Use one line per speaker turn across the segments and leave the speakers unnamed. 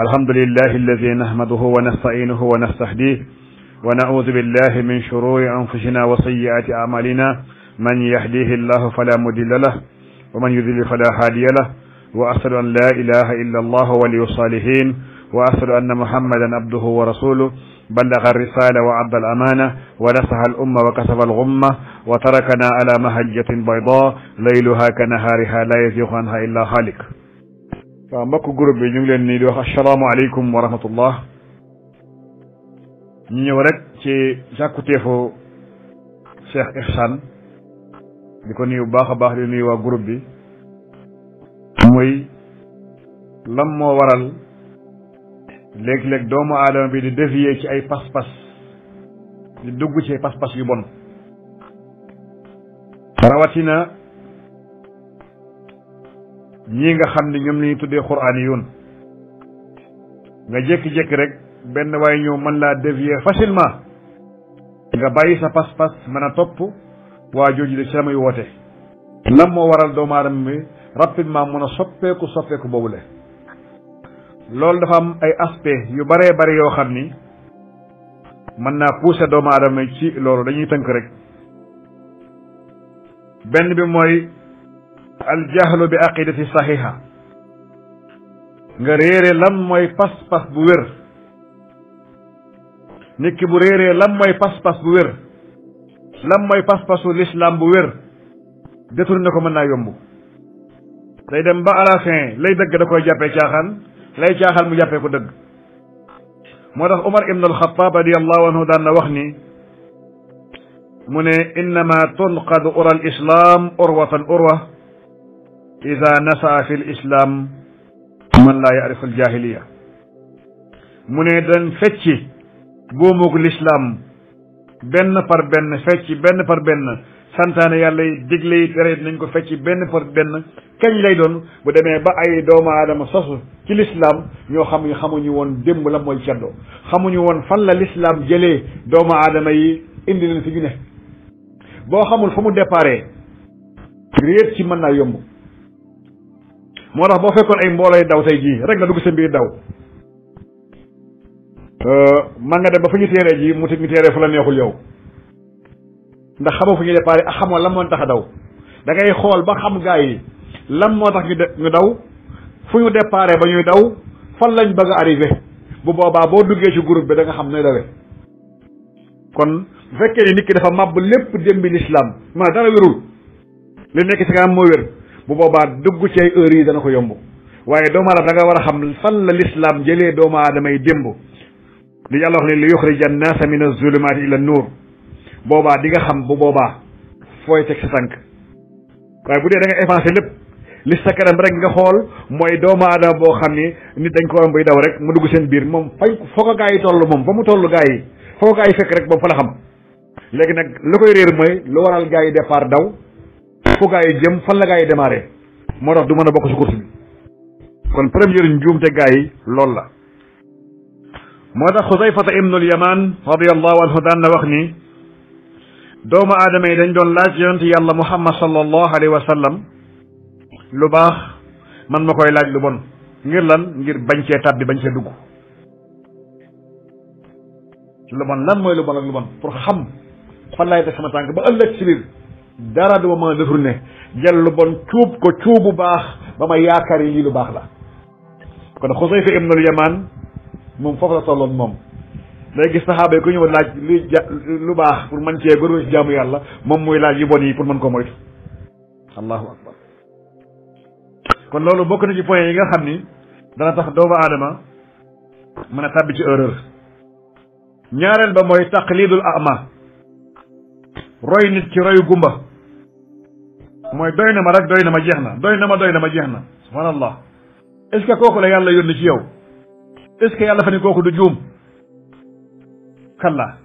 الحمد لله الذي نحمده ونستعينه ونستهديه ونعوذ بالله من شرور أنفسنا وسيئات أعمالنا من يهديه الله فلا مضل له ومن يضلل فلا هادي له وأشهد أن لا إله إلا الله ولي الصالحين وأشهد أن محمدا عبده ورسوله بلغ الرسالة وعبد الأمانة ونصح الأمة وكسب الغمة وتركنا على مهجة بيضاء ليلها كنهارها لا يزيغ عنها إلا خالق waaw mbokk groupe bi ñu ngi leen nii di wax asalaamaaleykum wa rahmatullah ñu ñëw rek ci sàkkuteefu Cheikh Ihsan di ko nuyu bu baax a baax di nuyu waa groupe bi muy lam moo waral léeg-léeg doomu aadama bi di dévier ci ay pas-pas di dugg ci ay pas-pas yu bon rawatina ñii nga xam ne ñoom la ñuy tuddee quraaniyuun nga jékki-jékki rek benn waaye ñëw mën laa dévier facilement nga bàyyi sa pas-pas mën a topp waa jooju de ci la muy woote lan moo waral doomu aadama bi rapidement mën a soppeeku soppeeku boobu boobule loolu dafa am ay aspect yu baree bari yoo xam ni mën naa pousser doomu aadama ci loolu dañuy tënk rek benn bi mooy aljahlu bi aqidati sahiha nga réere lan mooy pas-pas bu wér nit ki bu réeree lan mooy pas-pas bu wér lan mooy pas-pasu lislaam bu wér détourné ko mën naa yomb day dem ba à la fin lay dëgg da koy jàppee caaxaan lay caaxaan mu jàppee ko dëgg moo tax Umar ibn al-Khattab radiyallahu anhu daan na wax ni mu ne innama tunqadu ura al islam urwatan urwa إذا نشأ في الإسلام man laa yaarif al jaahiliya mu ne dañ fecci buumug lislaam benn par benn fecci benn par benn santaane yàlla yi digle yi tere nañ ko fecci benn par benn kañ lay doon bu demee ba ay doomu aadama sosu ci lislaam ñoo xam ne xamuñu woon démb la mooy ceddoo xamuñu woon fan la lislaam jëlee doomu aadama yi indi leen fi ñu ne boo xamul fu mu déparé réer ci mën naa yomb moo tax boo fekkoon ay mboolay daw tey jii rek nga dugg sa mbir daw euh, man nga dem ba fu ñu teeree jii mu ti ñu teeree fu la neexul yow ndax xamoo fu ñu déparé ak xamoo lan moo tax daw da ngay xool ba xam gaa yi lan moo tax ñu de ñu daw fu ñu déparé ba ñuy daw fan lañ bëgg a bu boobaa boo duggee ci groupe bi da nga xam ne dawe kon bu fekkee ni nit ki dafa màbb lépp démbi l'islam man dara wérul li nekk ci kanam moo wér bu boba dugg ci ay heure yi dana ko yomb waaye doomu aadama da nga wara xam fan la l'islam jele do ma adamay démb li yàlla wax ni li yukhrij an-nas min az-zulumat ila an-nur boba di nga xam bu boba foy tek sa tànk waye bu de da nga effacé lépp li sakaram rek nga xol moy do ma adam bo xamni nit dañ ko am bay daw rek mu dugg sen bir mom fay foo ko gaa yi toll moom fa mu tollu gaa yi foo ko gaa yi rek bo fa la xam léegi nak lu koy réer moy lu waral gaa yi départ daw fu gaa yi jëm fan la gaa yi démarré moo tax du mën a bokk si course bi kon première njuumte gaa yi loolu la moo tax xudayfata ibnul yaman radiallahu anhu daan na wax ni doomu aadama yi dañ doon laaj yonent yàlla muhammad sallallahu alayhi wa sallam lu baax man ma koy laaj lu bon ngir lan ngir bañ cee tàbbi bañ cee dugg lu bon lan mooy lu bon ak lu bon pour xam fan laay teg sama tànk ba ëllëg si biir dara du ma mën a détourné jël lu bon cuub ko cuub bu baax ba ma yaakaar yi lii lu baax la kon Xusayfa ibnul Yamaan moom foofu la tolloon moom léegi saxaaba yi ku ñëw laaj lu ja lu baax pour man cee góor ci jaamu yàlla moom muy laaj yu bon yi pour mën ko moytu allahu akbar kon loolu bokk na ci point yi nga xam ni dana tax doomu aadama mën a tàbbi ci erreur ñaareel ba mooy taqlidul ama roy nit ci royu gumba mooy doy na ma rek doy na ma jeex na doy na ma doy na ma jeex na subhanallah est ce que kooku la yàlla yónni ci yow est ce que yàlla fa ni kooku du juum kalla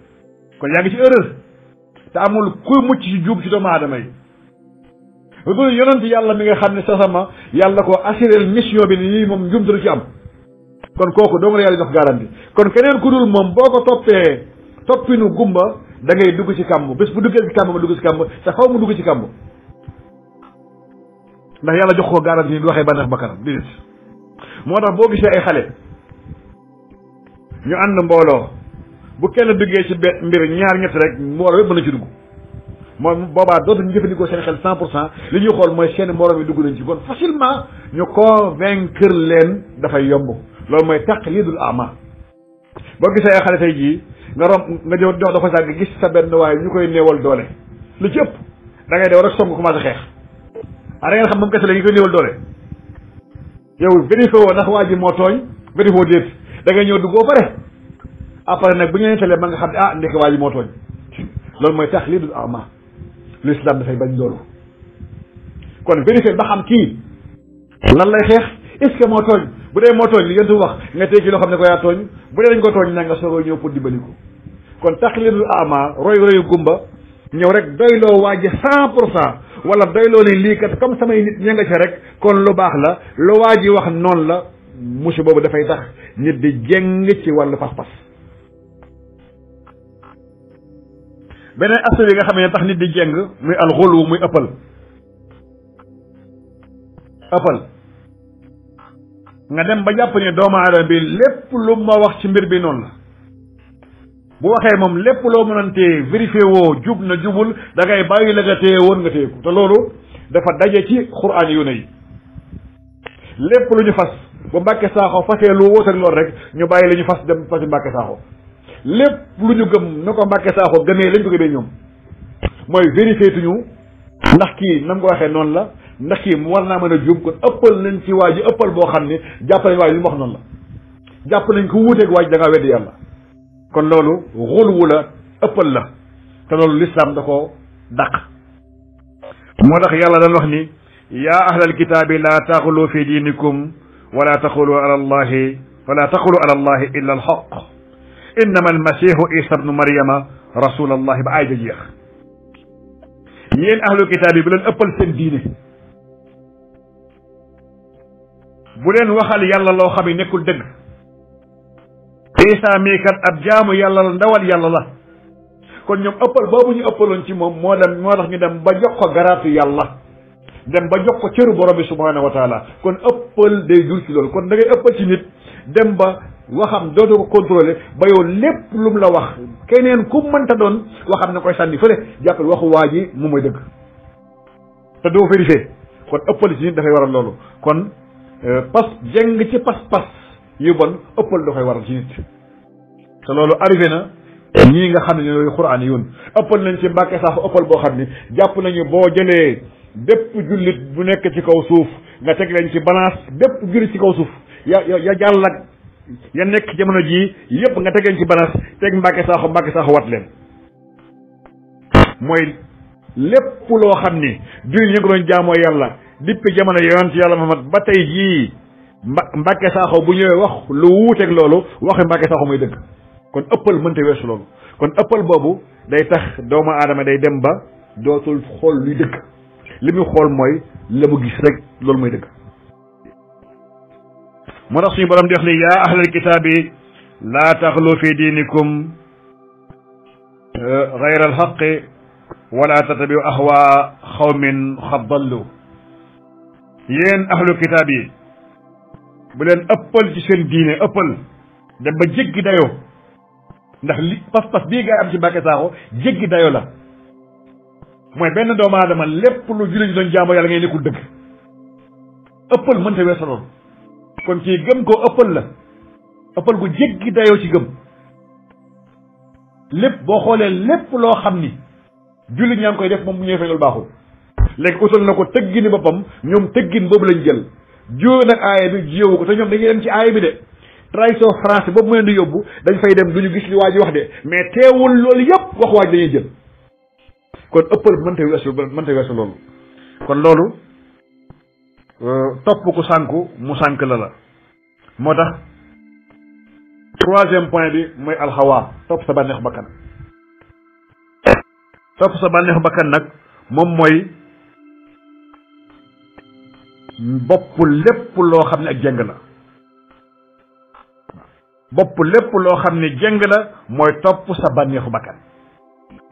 kon yaa ngi ci erreur te amul ku mucc ci juum ci doomu aadama yi lu dul yonent yàlla mi nga xam ne sasama yàlla ko assuréel mission bi nii moom njumte du ci am kon kooku doo nga la yàlla jox garanti kon keneen ku dul moom boo ko toppee toppinu gumba da ngay dugg ci kàmb bés bu duggee ci kàmb ma dugg ci kàmb te xaw mu dugg ci kàmb ndax yàlla jox ko garantie ni waxee bànneex bakkanam déedéet moo tax boo gisee ay xale ñu ànd mbooloo bu kenn duggee ci benn mbir ñaar ñett rek mbooloo yëpp mën ci dugg moom boobaa ñu jëfandikoo seen xel 100 pour cent li ñuy xool mooy seen moroom yi dugg nañ ci bon facilement ñu convaincre leen dafay yomb loolu mooy taqlidul ama boo gisee ay xale tey jii nga rom nga ñëw dox dafa sàgg gis sa benn waaye ñu koy néewal doole lu ci ëpp da ngay dew rek song commencé xeex ah da ngeen xam moom kese la ñu koy néewal doole yow vérifié woo ndax waa ji moo tooñ vérifié woo déet da ngay ñëw duggoo pare après nag bu ñu leen talee mën nga xam ne ah ndeke waa ji moo tooñ loolu mooy tax lii du ama l'islam dafay bañ loolu kon vérifié ba xam kii lan lay xeex est-ce que moo tooñ bu dee moo tooñ li ngeen wax nga tey ci loo xam ne ko yaa tooñ bu dee dañ ko tooñ na nga soogoo ñëw pour dimbali ko kon taxlidul ama roy royu gumba ñëw rek doyloo waa ji cent pour cent wala doyloo ni lii kat comme samay nit ña nga ca rek kon lu baax la lu waa ji wax noonu la musu boobu dafay tax nit di jeng ci wàllu pas-pas beneen aspect bi nga xam ne tax nit di jeng muy alxulu muy ëppal ëppal nga dem ba jàpp ne doomu aadama bi lépp lu ma wax ci mbir bi noonu la bu waxee moom lépp loo mënantee vérifié woo jub na jubul da ngay bàyyi la nga woon nga téye ko te loolu dafa daje ci xuraan yu ne yi lépp lu ñu fas ba Mbàkke Saaxo fasee lu wóot ak loolu rek ñu bàyyi la ñu fas dem fasi Mbàkke Saaxo lépp lu ñu gëm na ko Mbàkke Saaxo gëmee lañ ko gëmee ñoom mooy vérifié tuñu ndax kii nam ko waxee noonu la ndax kii mu war naa mën a jub kon ëppal nañ ci waa ji ëppal boo xam ne jàpp nañ waa ji mu wax noonu la jàpp nañ ko wuuteeg waa ji da ngaa weddi kon loolu xulwu la ëppal la te loolu lislaam da ko dàq moo tax yàlla dan wax ni ya ahlal kitaabi la taxulu fi diinikum wala taxulu ala allahi wala taxulu ala allahi illa alxaq innama almasihu isa bnu maryama rasul allahi ba aay ja jeex yéen ahlu kitaab yi bu leen ëppal seen diine bu leen waxal yàlla loo xam ne nekkul dëgg Isa mii kat ab jaamu yàlla la ndawal yàlla la kon ñoom ëppal boobu ñu ëppaloon ci moom moo dem moo tax ñu dem ba jox ko garaatu yàlla dem ba jox ko cëru borom bi subhaanahu wa taala kon ëppal day jur ci loolu kon da ngay ëppal ci nit dem ba waxam dootu ko contrôlé ba yow lépp lu mu la wax keneen ku mënta doon waxam na koy sànni fële jàppal waxu waa ji moom mooy dëgg te doo vérifié kon ëppal ci nit dafay waral loolu kon euh, pas jeng ci pas-pas yu bon ëppal dafay waral ci te loolu arrivé na ñii nga xam ne ñooy xuraan yun ëppal nañ si mbàkke sax ëppal boo xam ne jàpp nañu boo jëlee bépp jullit bu nekk ci kaw suuf nga teg leen ci balance bépp jullit ci kaw suuf ya ya jàll ak ya nekk jamono jii yëpp nga teg leen ci balance teg mbàkke sax mbàkke sax wat leen mooy lépp loo xam ni jullit ñu ko doon jaamoo yàlla dippi jamono ci yàlla Muhammad ba tey jii mba Mbàkke Saaxo bu ñëwee wax lu wuuteeg loolu waxi Mbàkke Saaxo muy dëgg kon ëppal mënta wessu loolu kon ëppal boobu day tax dooma aadama day dem ba dootul xool luy dëgg li muy xool mooy la mu gis rek loolu mooy dëgg moo tax suñu borom di wax ni yaa ahlal kitaabi laa taxlu fi diinikum غير الحق ولا تتبعوا اهواء قوم قد ضلوا يين اهل الكتاب بلن ابل سي ëppal دين ابل diine ëppal دايو ndax li pas-pas bii gaa yi am ci Mbàkke Saaxo jéggi dayo la mooy benn doomu aadama lépp lu jullit yi doon jaamu yàlla ngay nekkul dëgg ëppal mënta weesa loolu kon kii gëm koo ëppal la ëppal ku jéggi dayoo ci gëm lépp boo xoolee lépp loo xam ni jullit ñaa ngi koy def moom mu ñëwee fa loolu baaxul léegi utal na ko tëggini boppam ñoom tëggin boobu lañ jël jiw nag aaya bi jiwu ko te ñoom dañuy dem ci aaya bi de trahison français boobu mu leen di yóbbu dañ fay dem duñu gis li waa ji wax de mais teewul loolu yépp wax waaj dañuy jël kon ëppal mënta weesu mënta weesu loolu kon loolu euh, topp ku sànku mu sànk la la moo tax troisième point bi mooy alxawa topp sa bànneex bakkan topp sa bànneex bakkan nag moom mooy bopp lépp loo xam ne ak jeng la bopp lépp loo xam ne jëng la mooy topp sa bànneexu bakkan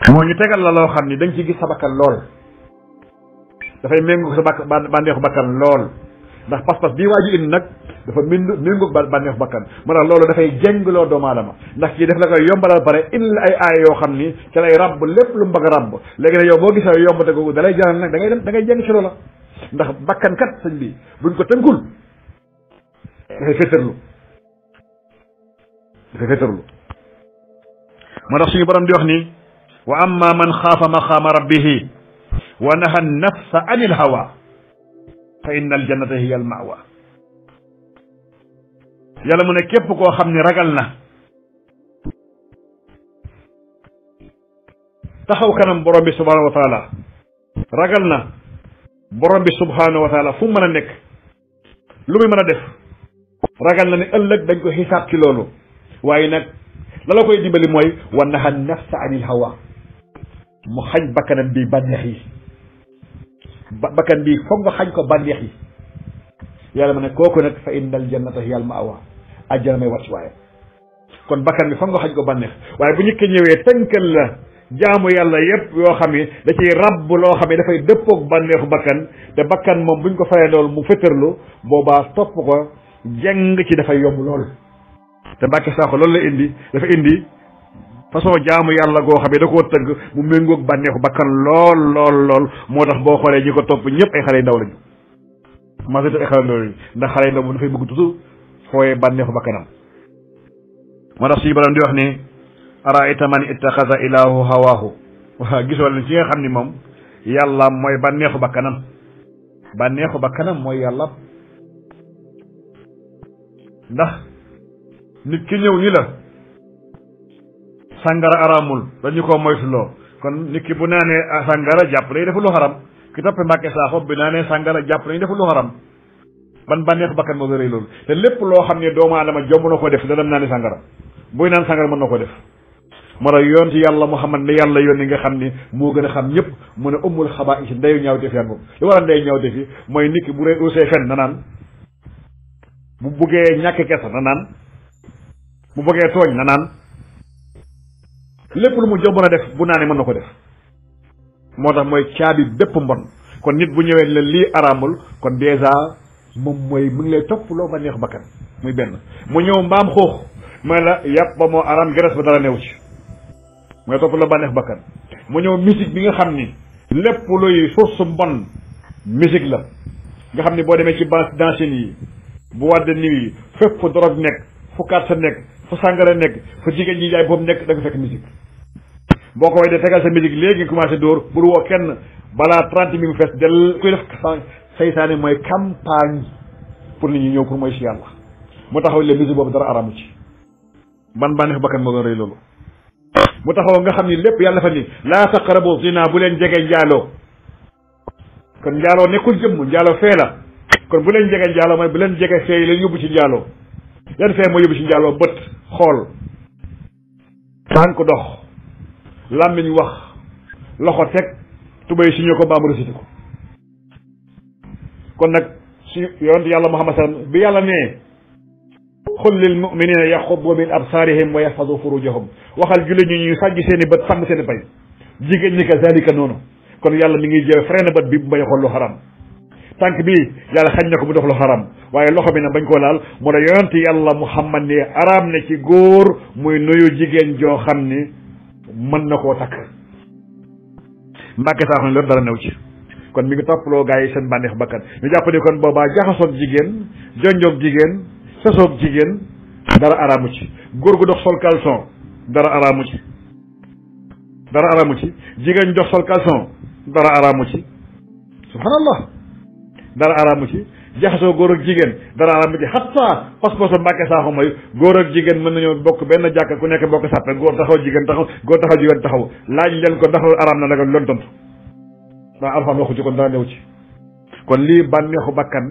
moo ñu tegal la loo xam ne dañ ci gis sa bakkan lool dafay méngoog sa bakk bànneexu bakkan lool ndax pas-pas bii waa ji indi nag dafa méndu méngoog bànneexu bakkan moo tax loolu dafay jëngloo doomu aadama ndax kii def la koy yombalal pare indi la ay aay yoo xam ni ca lay ràbb lépp lu mu bëgg ràbb léegi nag yow boo gisee yomb te googu da lay jaral nag da ngay dem da ngay ci loola ndax bakkan kat bi buñ ko tënkul dafay dafa féetarlu moo tax suñu borom di wax ni wa amma man xaafa maqaama rabbihi wa naha nafsa an il hawa fa inna al jannata hiya al mawa yàlla mu ne képp koo xam ni ragal na taxaw kanam borom bi subhanahu wa taala ragal na borom bi subhanahu wa taala fu mu mën a nekk lu muy mën a def ragal na ni ëllëg dañ ko xisaab ci loolu waaye nag laloo koy dimbali mooy wa naha nafsa ay hawa mu xañ bakkanam bi bànneex yi ba bakkan bi foog nga xañ ko bànneex yi yàlla ma ne kooku nag fa inna al jannata hiya al may wàcc waaye kon bakkan bi foog nga xañ ko bànneex waaye bu ñu ko ñëwee tënkal la jaamu yàlla yépp yoo xam ne da ciy rab loo xam ne dafay dëppoog bànneexu bakkan te bakkan moom buñ ko faree loolu mu fëtërlu boobaa topp ko jeng ci dafay yomb lool te Mbàkke Saaxo loolu lay indi dafa indi façon jaamu yàlla goo xam ne da koo tëgg mu méngoog bànneexu bakkan lool lool lool moo tax boo xoolee ñi ko topp ñëpp ay xale yu ndaw lañu majorité ay xale ndaw lañu ndax xale ndaw moom dafay bëgg toujours fooyee bànneexu bakkanam moo tax suñu borom di wax ne araayta man ittaxasa ilaahu hawaahu waaw gisoo leen ci nga xam ni moom yàlla mooy bànneexu bakkanam bànneexu kanam mooy yàlla ndax nit ki ñëw ni la sàngara araamul dañu ko moytuloo kon nit bu naanee sàngara jàpp nañu defu lu xaram ki toppee mbàkke saaxo bi naanee sàngara jàpp nañu defu lu xaram ban bànneexu bakkan boo ko a rëy loolu te lépp loo xam ne doomu aadama jomb na ko def da dem naani sàngara buy naan sàngara mën na ko def moo yoon ci yàlla Muhammad ne yàlla yoon yónni nga xam ne moo gën a xam ñëpp mu ne ummul xabaa isi ndeyu ñaawteef yaa ngoog li war a ndeyu ñaawteef yi mooy nit bu rey usee fen na naan buggee ñàkk kersa naan bu bëggee tooñ na naan lépp lu mu jox mën a def bu naanee mën na ko def moo tax mooy caabi bépp mbon kon nit bu ñëwee ne lii araamul kon dèjà moom mooy mu ngi lay topp loo ba neex bakkan muy benn mu ñëw mbaam xoox mooy la yàpp ba dara newu ci mooy topp loo bakkan mu ñëw musique bi nga xam ni lépp luy source mbon musique la nga xam ni boo demee ci ba dancine yi bu wàdde niw yi fépp fu drogue nekk fu carte nekk fu sàngara nekk fu jigéen ñi jaay boobu nekk da nga fekk musique boo ko way de tegal sa musique léegi nga commencé dóor bul woo kenn balaa trente mille fees del kuy def saytaane mooy campagne pour nit ñi ñëw pour mooy si yàlla mu taxaw le musique boobu dara aramu ci man bànneex bakkan moo gën rëy loolu mu tax taxaw nga xam ni lépp yàlla fa ni laa si naa bu leen jege njaaloo kon njaaloo nekkul jëmm njaaloo fee la kon bu leen jege njaaloo mooy bu leen jege fee yi yóbbu ci njaaloo yan fee moo yóbbu si njaaloo bët xool tànk ko dox làmmiñ wax loxo teg tubéy si ñoo ko baa mu rësiti ko kon nag si yonent yàlla Muhammad sallam bi yàlla nee xul lil muminina yaxubu min absaarihim wa yaxfadu furujahum waxal julli ñu ñuy sàjj seen i bët sàmm seen i bay jigéen ñi ka zalika noonu kon yàlla mi ngi jël freiné bët bi bu may xool lu tànk bi yàlla xañ na ko bu dox lu xaram waaye loxo bi nag bañ koo laal mu ne yonent yàlla muhammad ni araam na ci góor muy nuyu jigéen joo xam ni mën na koo takk mbàkke saaxo ne loolu dara new ci kon mi ngi toppaloo gars yi seen bànneex bakkan ñu jàpp kon boobaa jaxasoog jigéen jonjoog jigéen sasoog jigéen dara araamu ci góor gu dox sol caleçon dara araamu ci dara araamu ci jigéen jox sol caleçon dara araamu ci subhanallah dara araamu ci jaxasoo góor ak jigéen dara araamu ci xatta passeport Mbàkke Saaxo mooy góor ak jigéen mën nañoo bokk benn jàkk ku nekk bokk sàppe góor taxaw jigéen taxaw góor taxaw jigéen taxaw laaj leen ko ndax loolu araam na nag loolu tontu ndax alxam waxu ci kon dara new ci kon lii bànneexu bakkan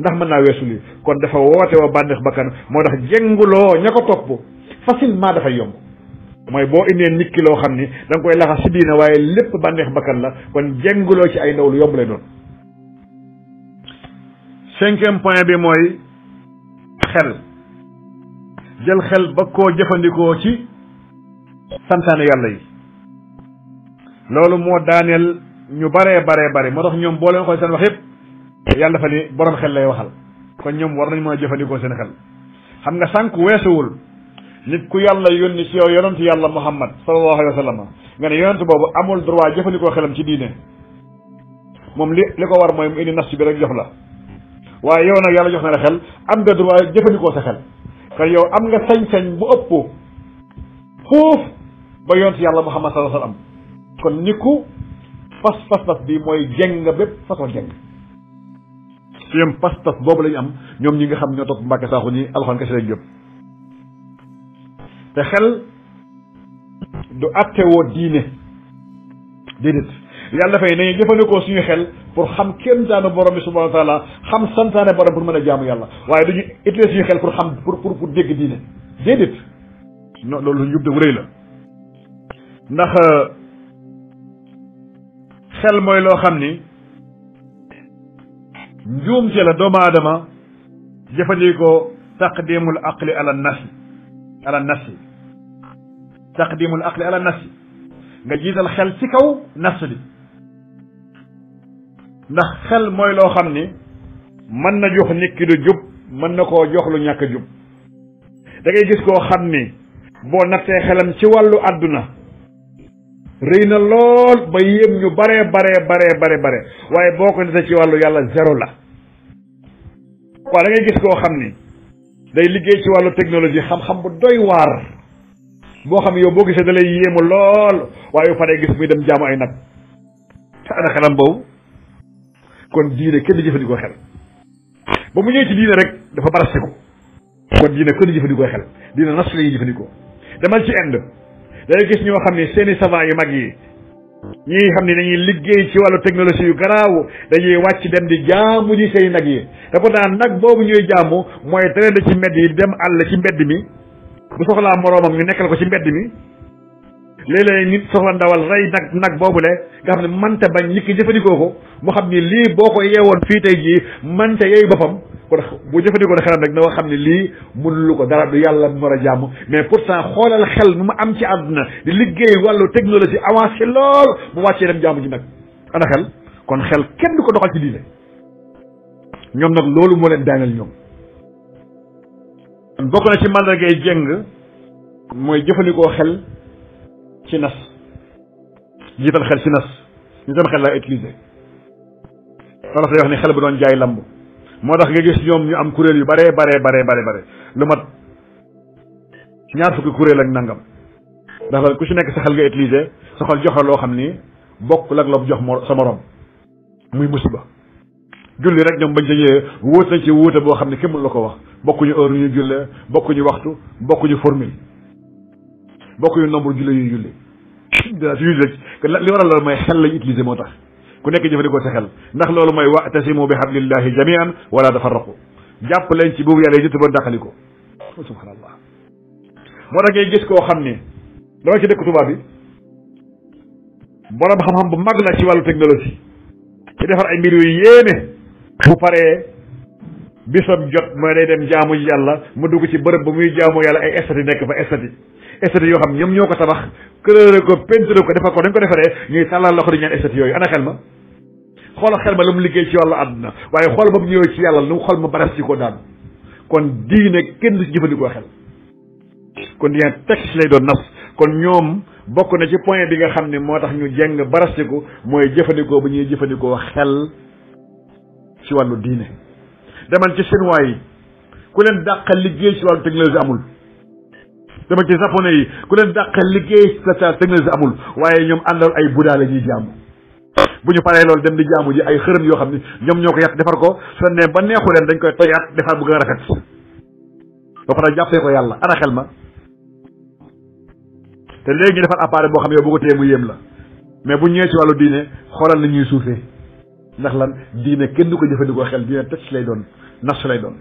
ndax mën naa weesu lii kon dafa woote woo bànneexu bakkan moo tax jënguloo ña ko topp facilement dafay yomb mooy boo indee nit ki loo xam ni da nga koy laxas si diina waaye lépp bànneex bakkan la kon jënguloo ci ay ndaw lu yomb lay doon cinquième point bi mooy xel jël xel ba koo jëfandikoo ci santaane yàlla yi loolu moo daaneel ñu baree baree bare moo tax ñoom boo leen xool seen wax yëpp yàlla dafa ni borom xel lay waxal kon ñoom war nañ mën jëfandikoo seen xel xam nga sànq weesuwul nit ku yàlla yónni ci yow yonentu yàlla muhammad sallallahu alayhi wa sallam nga ne yonent boobu amul droit jëfandikoo xelam ci diine moom li li ko war mooy mu indi nas bi rek jox la waaye yow nag yàlla jox na la xel am nga droit jëfandikoo sa xel am nga sañ-sañ bu ëpp foofu ba yont yàlla muhammad sallallahu alayhi wasallam kon ni ku fas fas fas bi mooy jeng nga bépp façon jeng siem fas fas boobu lañu am ñoom ñi nga xam ñoo topp Mbàkke Saaxu ni alxan ka si lañ jóp te xel du attewoo diine déedéet yàlla dafay nañu jëfandikoo suñu xel pour xam kenn daana borom bi subhanahu wa taala xam santane borom pour meuna a jaamu yàlla waye duñu utiliser suñu xel pour xam pour pour pour dégg diine dédit non lolu njub de rëy la ndax xel moy lo xamni ni ci la doomu adama jëfandikoo taqdimul aqli ala an nasi ala an nasi taqdimul aqli ala an nasi nga jital xel ci kaw nas bi ndax xel mooy loo xam ni mën na jox nit ki du jub mën na koo jox lu ñàkk jub dangay gis koo xam ni boo nattee xelam ci wàllu àdduna rëy na lool ba yéem ñu baree baree baree bare bare waaye boo ko nattee ci wàllu yàlla zéro la waaw dangay gis koo xam ni day liggéey ci wàllu technologie xam-xam bu doy waar boo xam yow boo gisee da lay yéemu lool waaye bu paree gis muy dem jaamu ay nag te ana xelam boobu kon diine kenn jëfandikoo xel ba mu ñëwee ci diine rek dafa barase ko kon diine kenn jëfandikoo xel diine nas la ñuy jëfandikoo demal ci Inde dana gis ñoo xam ne seeni savant yu mag yi ñii xam ne dañuy liggéey ci wàllu technologie yu garaaw dañuy wàcc dem di jaamu ji seen nag yi dafa daan nag boobu ñuy jaamu mooy traîner ci mbedd yi dem àll ci mbedd mi bu soxlaa moroomam ñu nekkal ko ci mbedd mi léeg-léeg nit soxla ndawal rey nag nag boobule nga xam ne manta bañ nit ki jëfandikoo ko mu xam ni lii boo ko yeewoon fii tey jii manta yeey boppam kon bu jëfandikoo ne xelam rek na nga xam ne lii mënulu ko dara du yàlla mu war a jàmm mais pourtant xoolal xel nu mu am ci àdduna di liggéey wàllu technologie avancé lool mu wàccee dem jàmm ji nag ana xel kon xel kenn du ko doxal ci diine ñoom nag loolu moo leen daaneel ñoom kon bokk na ci mandargay jëng mooy jëfandikoo xel ci nas jiital xel ci nas ñu seen xel laa utiliser wolof lay wax ni xel bu doon jaay lamb moo tax nga gis ñoom ñu am kuréel yu bare bare bare bare bare lu mat ñaar fukki kuréel ak nangam ndax la ku ci nekk sa xel nga utiliser sa xol joxe loo xam ni bokk lak lob jox mo sa morom muy musiba julli rek ñoom bañ sa ñëwee wóot nañ ci wóote boo xam ne kenn mënu la ko wax bokkuñu heure ñu julle bokkuñu waxtu bokkuñu formule bokuy nombre julli yu julli da ci julli rek li waral loolu mooy xel lañ utiliser motax ku nek jëfandikoo diko xel ndax loolu mooy wa'tasimu bi jamian wala tafarraqu jàpp leen ci bubu yàlla yi ba dakhaliko subhanallah moo tax ngay gis ko xam ne dama ci dëkk tuba bi borom xam-xam bu mag la ci walu technologie ci defar ay mbir yu yene bu pare bisam jot mooy lay dem jaamu yàlla mu dugg ci bërëb bu muy jaamu yàlla ay estati nek fa estati état yoo xam ñoom ñoo ko tabax këlëre ko peinture ko defal ko dañ ko defaree ñuy tàllal loxo di ñaan état yooyu ana xel ma xoolal xel ma lu mu liggéey ci wàllu àdduna waaye xool ba mu ñëwee ci yàlla lu mu xool ma baras ko daan kon diine kenn du ci jëfandikoo xel kon diine texte lay doon nas kon ñoom bokk na ci point bi nga xam ne moo tax ñu jeng barastiku mooy jëfandikoo bu ñuy jëfandikoo xel ci wàllu diine demal ci chinois yi ku leen dàqal liggéey ci wàllu technologie amul dama ci japonais yi ku leen dàqal liggéey spécial technologie amul waaye ñoom àndal ay budaa la ñuy jaamu bu ñu paree loolu dem di jaamu ji ay xërëm yoo xam ni ñoom ñoo ko yàq defar ko su ne ba neexu leen dañ koy toyaat defar bu gën a rafet ba pare jàppee ko yàlla ana xel ma te léegi ñu defar appareil boo xam yow bu ko téye mu yéem la mais bu ñëwee ci wàllu diine xoolal na ñuy suufee ndax lan diine kenn du ko jëfandikoo xel diine tëj lay doon nafsu lay doon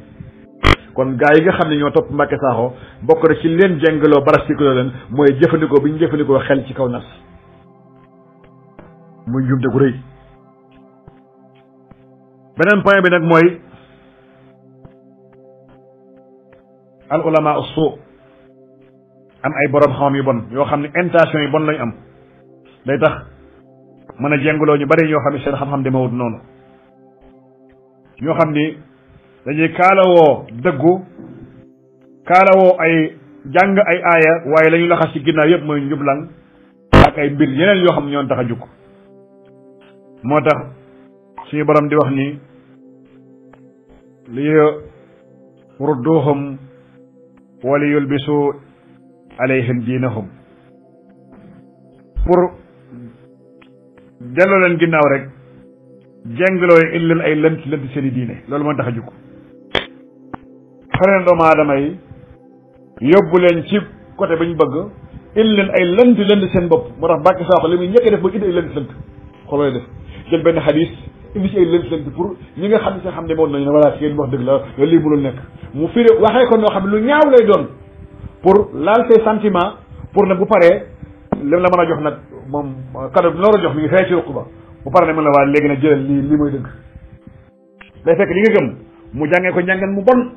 kon gaa yi nga xam ne ñoo topp Mbàkke Saaxo bokk na ci leen jàngaloo barastiklo leen mooy jëfandikoo bi ñu jëfandikoo xel ci kaw nas muy njumte gu rëy beneen point bi nag mooy al ulama suu am ay borom xam-xam yu bon yoo xam ne intention yi bon lañu am day tax mën a jàngaloo ñu bari ñoo xam ne seen xam-xam demewut noonu ñoo xam ni dañuy kaalawoo dëggu kaalawoo ay jàng ay aaya waaye la laxas ci ginnaaw yëpp mooy njublan ak ay mbir yeneen yoo xam ne ñoon tax a jukk moo tax suñu borom di wax ni li rudduhum wala yulbisu alayhim diinahum pour delloo leen ginnaaw rek jànglooy il leen ay lënt lënt seen i diine loolu moo tax a jukk xareen doomu aadama yi yóbbu leen ci côté ba ñu bëgg indi leen ay lënt lënt seen bopp moo tax Mbàkke Saaxo li muy njëkk def ba indi ay lënt lënt xooloo def jël benn xadis indi si ay lënt lënt pour ñi nga xam ne xam ne moom nañu ne voilà yéen wax dëgg la loolu lii mënul nekk mu firi waxee ko noo xam ne lu ñaaw lay doon pour laal say sentiment pour ne bu paree lim la mën a jox nag moom cadeau bi la war a jox mi ngi fee ci ruq ba bu paree ne mën la waa léegi nag jëlal lii lii mooy dëgg li nga gëm mu jàngee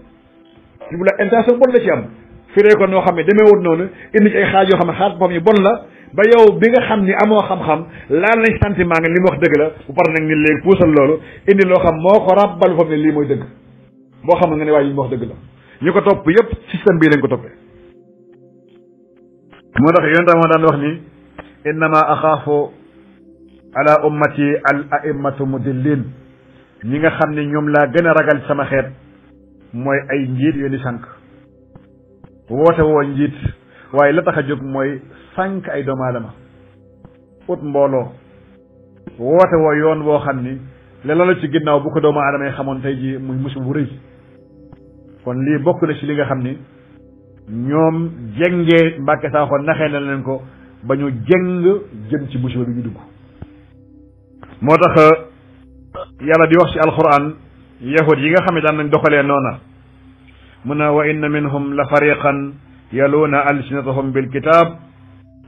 ci bu la intention bon la ci am firee ko noo xam ne demeewul noonu indi ci ay xaaj yoo xam ne xaaj boppam yi bon la ba yow bi nga xam ni amoo xam-xam laal nañ sentiment nga li mu wax dëgg la bu pare nag ni léegi puusal loolu indi loo xam moo ko ràbbal foofu ne lii mooy dëgg boo xam nga ne waaye li mu wax dëgg la ñu ko topp yëpp système bii lañ ko toppee moo tax yonent moo daan wax ni innama axaafu ala ummati al a'immatu mudillin ñi nga xam ne ñoom laa gën a ragal sama xeet mooy ay njiit yu ni sànq woote woo njiit waaye la tax a jóg mooy sànq ay doomu aadama ut mbooloo woote woo yoon woo xam ni la ci ginnaaw bu ko doomu adama yi xamoon tey jii muy musiba bu rëy kon lii bokk na ci li nga xam ni ñoom jengee Mbàkke Saaxo naxee na leen ko ba ñu jeng jëm ci musiba bi ñu dugg moo tax yàlla di wax ci alxuraan yahud yi nga xam ne daan nañ doxalee noona mu ne wa inna minhum la fariqan yaluuna alsinatahum bilkitab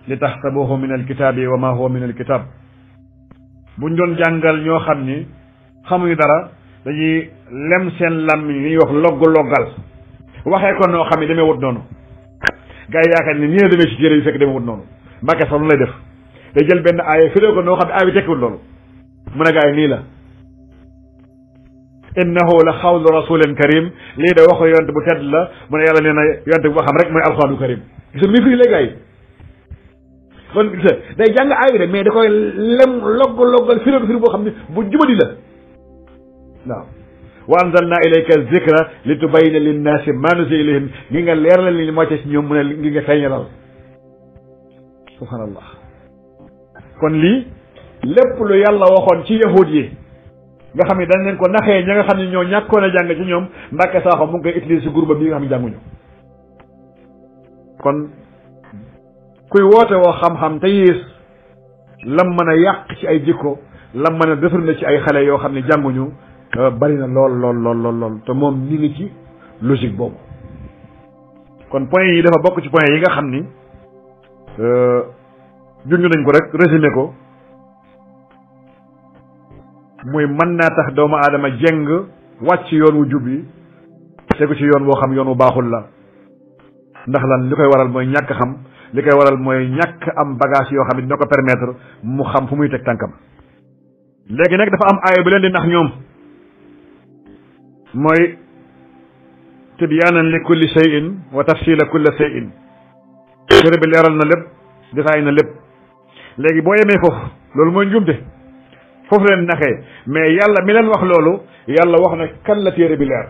li taxsabuhu min alkitaabi wa ma huwa min alkitab buñ doon jàngal ñoo xam ni xamuñu dara dañuy lem seen làmmiñ li ñuy wax logg-loggal waxee ko noo xam ne demee wut noonu gars yi yaakaar ni nii la demee ci téere yi fekk demee wut noonu mbàkke sax lay def day jël benn aaya firee ko noo xam ne aaya bi tekkiwul loolu mu ne gars yi nii la انه لخول رسول كريم لي دا واخو يونت بو تيد لا مون يالا نينا يونت بو خام رك موي القران الكريم غيسو مي فري لي غاي كون غيسو داي جانغ اوي مي دا كوي لم لوغ لوغ فيرو فيرو بو خام ني بو جوبدي لا لا نعم. وانزلنا اليك الذكر لتبين للناس ما نزل اليهم نيغا ليرال لي ما تيس نيوم مون نيغا فينيرال سبحان الله كون لي لب لو يالا واخون سي يهود يي nga xam ne dañ leen ko naxee ña nga xam ne ñoo ñàkkoon a jàng ci ñoom mbàkke saaxo mu ngi koy utiliser si groupe bi nga xam ne jànguñu kon kuy woote woo xam-xam te yées lam mën a yàq ci ay jikko lam mën a defar na ci ay xale yoo xam ne jànguñu bari na lool lool lool lool lool te moom mi ngi ci logique boobu kon point yi dafa bokk ci point yi nga xam ni junj nañ ko rek résumé ko mooy mën naa tax doomu aadama jeng wàcc yoon wu jub yi tegu ci yoon woo xam yoon wu baaxul la ndax la li koy waral mooy ñàkk xam li koy waral mooy ñàkk am bagage yoo xam ne dina ko permettre mu xam fu muy teg tànkam léegi nag dafa am aaya bi leen di ndax ñoom mooy tibyaanan li kulli shay'in wa tafsila kulli shay'in téere bi leeral na lépp détaillé na lépp léegi boo yemee foofu loolu mooy njuumte foofu leen naxee mais yàlla mi leen wax loolu yàlla wax na kan la téere bi leer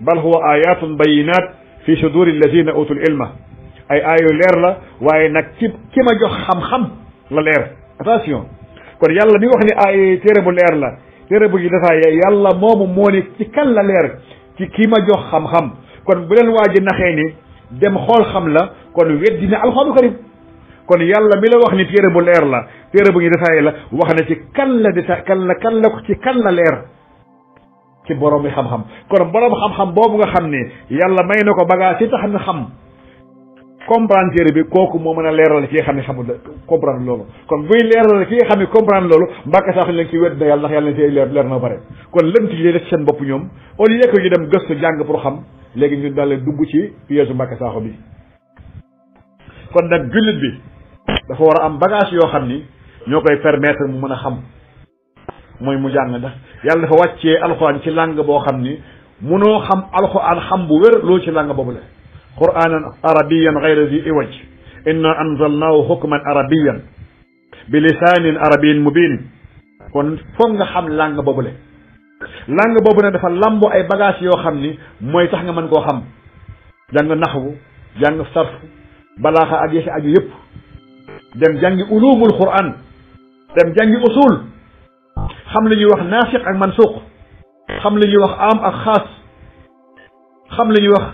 bal huwa ayatun bayinat fi suduri alladina utul ilma ay aayu leer la waaye nag ki ki ma jox xam-xam la leer attention kon yàlla mi wax ni ay téere bu leer la téere bu ñu defaayee yàlla moomu moo ni ci kan la leer ci ki ma jox xam-xam kon bu leen waa ji naxee ni dem xool xam la kon weddi na alxuraan karim kon yàlla mi la wax ni téere bu leer la téere bu ñu détaillé la wax na ci kan la déta kan la kan la ci kan la leer ci borom xam-xam kon borom xam-xam boobu nga xam ni yàlla may na ko bagage yi tax na xam comprendre téere bi kooku moo mën a leeral ki xam ne xamul la comprendre loolu kon buy leeral ki xam ne comprendre loolu mbàkk sax leen ci wedd da yàlla ndax yàlla ci leer leer na bare kon lënt yi def seen bopp ñoom au lieu que ñu dem gëstu jàng pour xam léegi ñu daal dugg ci piège mbàkk saaxo bi kon nag jullit bi dafa war a am bagage yoo xam ni ñoo koy permettre mu mën a xam mooy mu jàng ndax yàlla dafa wàccee alxuraan ci langue boo xam ni noo xam alxuraan xam bu wér loolu ci langue boobu la quraanan arabiyan gayra di iwaj inna anzalnaahu hukman arabiyan bi lisaanin arabiyin mubin kon foog nga xam langue boobu le langue boobu ne dafa lambo ay bagage yoo xam ni mooy tax nga mën koo xam jàng naxwu jàng sarf balaaxa ak yesi aju yëpp dem jàngi ulumul quran dem jàngi usul xam li wax nafiq ak mansukh xam li wax am ak khas xam li wax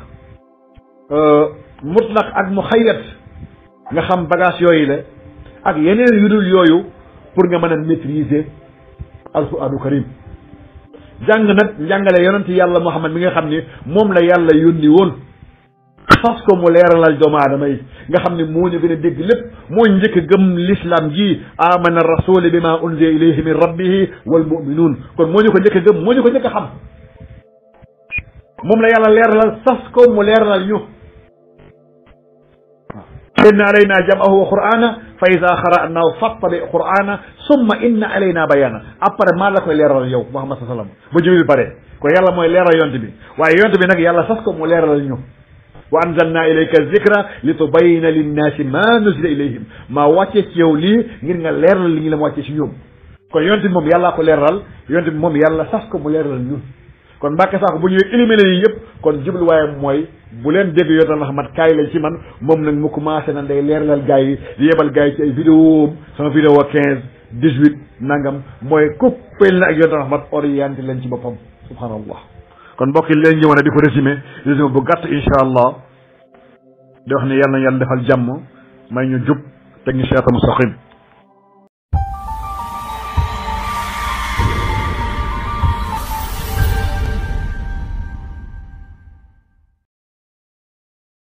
euh mutlaq ak mukhayyad nga xam bagage yoy le ak yeneen yu dul yooyu pour nga mën maîtriser alquranu karim jàng nak jangale yonent yàlla muhammad mi nga xamni mom la yàlla yoni won fas ko mu leeralal doomu aadama yi nga xam ne moo ñu gën a dégg lépp moo njëkk gëm l'islam ji amana rasuli bi ma unzila ilayhi min rabbihi wal muminuun kon moo ñu ko njëkk a gëm moo ñu ko njëkk a xam moom la yàlla leeralal sas ko mu leeralal ñu إن علينا جمعه وقرآنه فإذا قرأناه فاتبع قرآنه ثم إن علينا بيانه أبر ما لك ليرال يوم محمد صلى الله عليه وسلم بجيب البري كو يلا موي ليرال يونت بي واي يونت بي نك يلا ساسكو مو ليرال نيو وأنزلنا إليك الذكر لتبين للناس ما نزل إليهم ما wàccee ci yow lii ngir nga leeral li ñu la wàccee ci ñoom kon yonent bi moom yàllaa ko leeral yonent bi moom yàlla sax ko mu leeral ñun kon Mbàkke Sakho bu ñuy éliminé yi yëpp kon jubluwaayam mooy bu leen dégg yonent Muhammad kaay la ci man moom nag mu commencé na day leeralal gars yi di yebal gars yi ci ay vidéo sama vidéo quinze dix-huit nangam mooy kuppeel na ak yonent Muhammad orienté leen ci boppam subhanallah kon mbokk yi leen ñëwoon di ko résumé résumé bu gàtt incha allah di wax ne yàlla na yàlla defal jàmm may ñu jub teg ñu seeta mustaqim